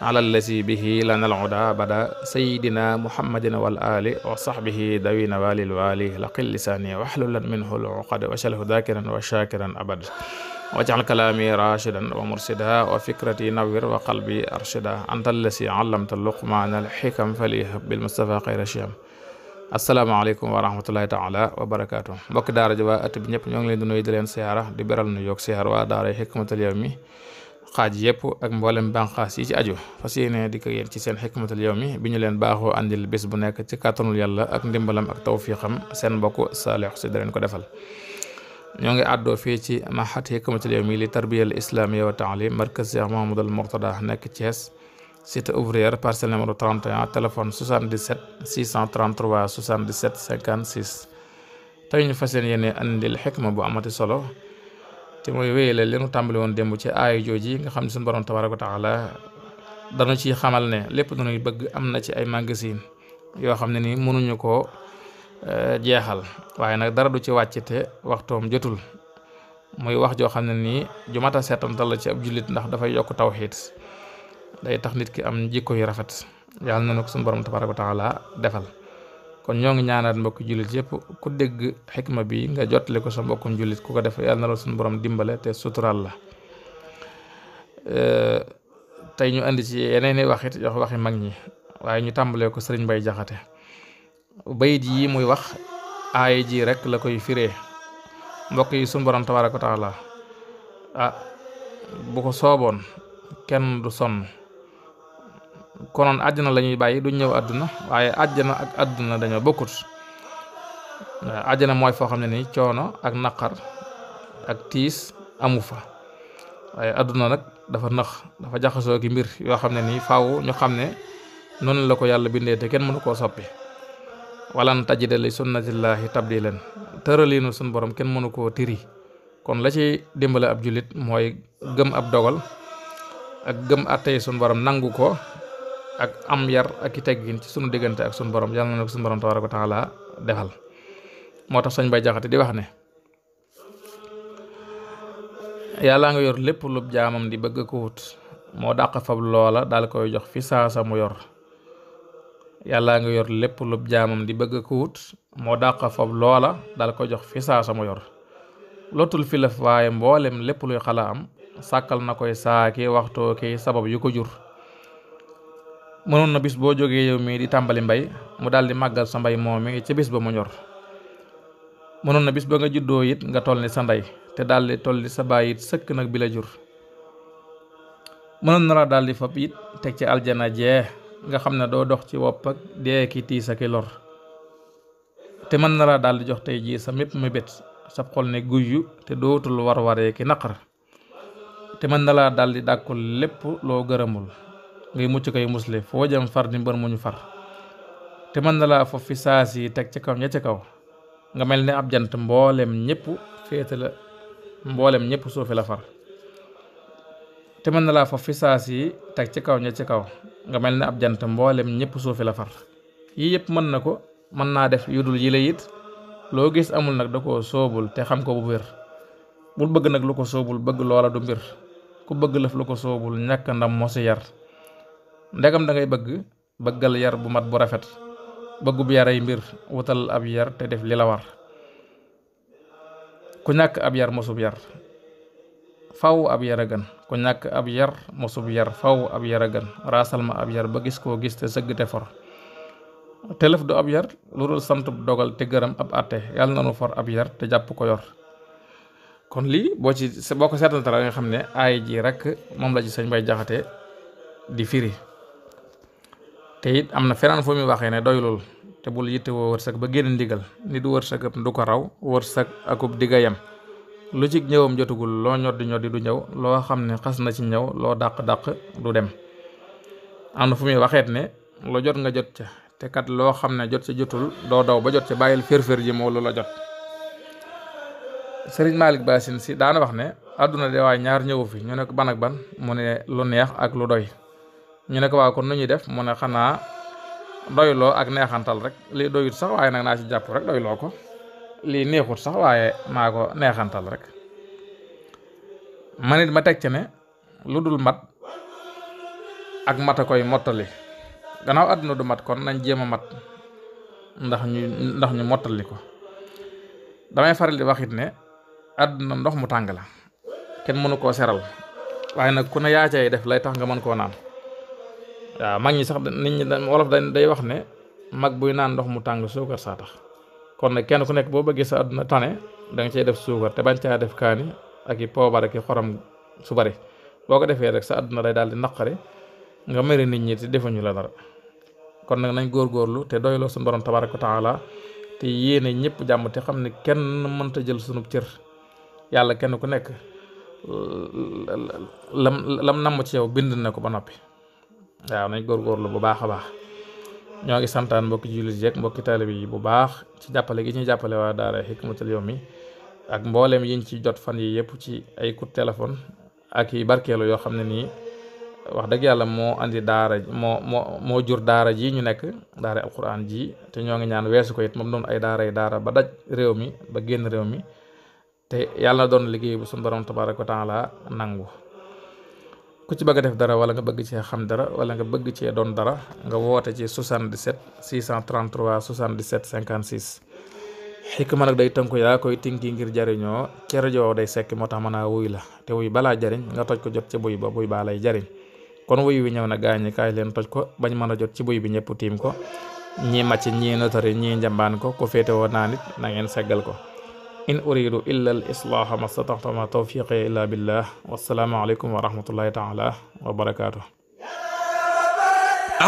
alallasi bihi lanal huda bada sayidina muhammadin wal ali wa sahbihi dawina walil wali laqil lisaani waxlulan minhu luqad wacalhu dakiran wa shakiran abad wajal kalaami rashidan wa mursida wa fikrati nawir wa qalbi arshida anta allasi allamta luqmaana alxikam falihab bilmustafa xayra shiyam asalaamaaleykum wa rahmatullahi taala wa barakaatu mbokki daara ji waa at bi ñëpp ñoo ngi leen di nuyu di leen siyaara di beral nu yoog siyaar waa daara Hikmatul Yawmi xaaj yëpp ak mboolem bànqaas yi ci aju fas yéene di ko yéen ci seen xikmatul yawmi bi ñu leen baaxoo àndil bés bu nekk ci kàttanul yàlla ak ndimbalam ak tawfiixam seen mbokk Saliou Sy da leen ko defal ñoo ngi àddoo fii ci maxat xikmatul yawmi li tarbiyal islamiya wa taalim markaz Cheikh Mouhamadoul Mourtada nekk Thiès cité ouvrière parcelle numéro 31 téléphone 77 633 77 56 tey ñu fas yéene andil xikma bu amati solo te mooy wéyale li nu tàmbali woon démb ci aaya jooji nga xam ne suñu borom tabaaraka wa taala danu ci xamal ne lépp dañuy bëgg am na ci ay magasin yoo xam ne ni mënuñu koo eh, jeexal waaye nag dara du ci wàcc te waxtoom jotul muy wax joo xam ne nii ju mat a seetantal la ci ab jullit ndax dafay yokk xiit day tax nit ki am jikko yu rafet yàlla na ko suñu borom tabaaraka wa taala defal. kon ñoo ngi ñaanaat mbokki jullit yépp ku dégg xikma bi nga jottali ko sa mbokkum jullit ku ko def yàlla na la suñu borom dimbale te sutural la eh, tey ñu indi ci yeneen i wax it jox waxi mag ñi waaye ñu tàmbalee ko sëriñ Bay Jaxate bayit yi muy wax aay ji rek la koy firee mbokk yi suñu borom tabaaraka wa ah bu ko sooboon kenn du sonn konoon àjjana la ñuy bàyyi duñ ñëw àdduna waaye àjjana ak àdduna dañoo bokkut àjjana mooy foo xam ne nii coono ak naqar ak tiis amu fa waaye àdduna nag dafa nax dafa jaxasoo ki mbir yoo xam ne nii faaw ñu xam ne noonu la ko yàlla bindee te kenn mënu koo soppi walan tajida li sunnatillahi tabdilan tëraliinu suñ borom kenn mënu koo tiri kon la ci dimbale ab jullit mooy gëm ab dogal ak gëm attey suñ borom nangu ko ak am yar ak i teggin ci sunu diggante ak sunu borom yàlla na ko sunu borom tabaaraka wa taala defal moo tax sëñ Bay Jaxate di wax ne yàlla nga yor lépp lu jaamam di bëgg ko wut moo dàq fab loola daal koy jox fi saasa mu yor yàlla nga yor lépp lu jaamam di bëgg ko moo dàq fab loola daal koy jox fi saasa mu yor lotul filaf waaye mboolem lépp luy xala am sàkkal na koy saaki waxtoo ki sabab yu ko jur mënoon na bis boo jógee yow mii di tàmbali mbay mu daal di màggal sa mbay moo mi ca bis ba mu ñor mënoon na bis ba nga juddoo it nga toll ni sa ndey te daal di sa baay it sëkk nag bi la jur mënoon na la daal di fab it teg ci aljana jee nga xam ne doo dox ci wopp ak dee ki tiis ak lor te mën na la daal di jox tey jii sa mépp mébét sa xol ne guyyu te dootul war waree ki naqar te mën na laa daal di dàkkul lépp loo gërëmul ngay mucc koy musle foo jëm far di mbër mu ñu far te mën na laa foofu fi saas teg ci kaw ña ci kaw nga mel ni ab jant mboolem ñëpp féete la mboolem ñëpp suufe la far te mën na laa foofu fi saas teg ca kaw ña ca kaw nga mel ne ab jant mboolem ñëpp suufe la far yii yëpp mën na ko mën naa def yudul yi la it loo gis amul nag da ko soobul te xam ko bu wér bul bëgg nag lu ko soobul bëgg loola du mbir ku bëgg lëf lu ko soobul ñàkk ndam moo yar ndegam da ngay bëgg bëggal yar bu mat bu rafet bëggub yaray mbir wutal ab yar te def li la war ku ñàkk ab yar mosub yar faw ab yar a gën ku ñàkk ab yar mosub yar faw ab yar a gën raasal ma ab yar ba gis koo gis te sëgg te for telef du ab yar lu dul sant dogal te gërëm ab àtte yàlla na nu for ab yar te jàpp ko yor kon lii boo ci boo ko seetal te seetantal nga xam ne aay jii rekk moom la ci sëñ bay jaxate di firi te it am na fenaan fu muy waxee ne doylul te bul yitte woo wërsëg ba génn ndigal ni du wërsëg du ko raw wërsëg akub diggayam lu ci ñëwam jotugul loo ñoddi ñoddi du ñëw loo xam ne xas na ci ñëw loo dàq-dàq du dem am na fu muy waxeet ne lu jot nga jot ca te kat loo xam ne jot ca jotul doo daw ba jot ca bàyyil fér-fér ji moo lu la jot sëriñ Malick Bassine si daana wax ne àdduna de waay ñaar ñëwu fi ñu ne ko ban ak ban mu ne lu neex ak lu doy ñu ne waaw kon nu ñuy def mu ne xanaa doyloo ak neexantal rek lii doyut sax waaye nag naa ci jàpp rek doyloo ko lii neexut sax waaye maa ko neexantal rek man it ma teg ci ne lu dul mat ak mat koy mottali gannaaw àdduna du mat kon nañ jéem a mat ndax ñu ndax ñu mottali ko damay faral di waxit ne àdduna ndox mu tàng la kenn mënu koo seral waaye nag ku ne yaa cay def lay tax nga mën koo naan waaw mag ñi sax nit ñi wolof dañ day wax ne mag buy naan ndox mu tàng suukar saa tax kon nag kenn ku nekk boo bëggee sa àdduna tane danga nga def suukar te bañ caa def kaani ak i poobar ak i xorom su bari boo ko defee rek sa àdduna day daal di naqari nga mere nit ñi te ñu la dara kon nag nañ góor góorlu te doyloo suñu borom tabaraka taala te yéene ñëpp jàmm te xam ne kenn mënta jël sunub cër yàlla kenn ku nekk lam lam namm ci yow bind na ko ba noppi waaw nañ góorgóorlu bu baax a baax ñoo ngi santaan mbokki jullit yeeg mbokki taalibe yi bu baax ci jàppale gi ñuy jàppale waa daara Hikmatul mi ak mbooleem yiñ ci jot fan yi yëpp ci ay coup de téléphone ak yi barkeelu yoo xam ne nii wax dëgg yàlla moo andi daara moo moo moo jur daara ji ñu nekk daara alquran ji te ñoo ngi ñaan weesu ko it moom doon ay daara yi daara ba daj réew mi ba génn réew mi te yàlla na doon liggéey bu sunu borom tabaaraka wa taala nangu ku ci bëgg def dara wala nga bëgg cee xam dara wala nga bëgg cee doon dara nga woote ci 77 633 77 56 ma nag day tënk yaa koy tinki ngir jariñoo ca rajo day sekki moo tax mën a wuy la te wuy balaa jariñ nga toj ko jot ci buy ba buy baa lay jariñ kon wuy wi ñëw na gaañi kaay leen toj ko bañ mën a jot ci buy bi ñëpp tiim ko ñii màcc ñii notari ñii njambaan ko ku féete woo naa nit na ngeen seggal ko in uridu illa al islaaha ma stataxta ma tawfiqi illa billah wassalaamu aleykum wa rahmatullahi taala wa barakaatu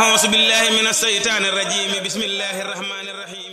auzu billahi min alseytaani arrajim bismillahi arrahmani arrahim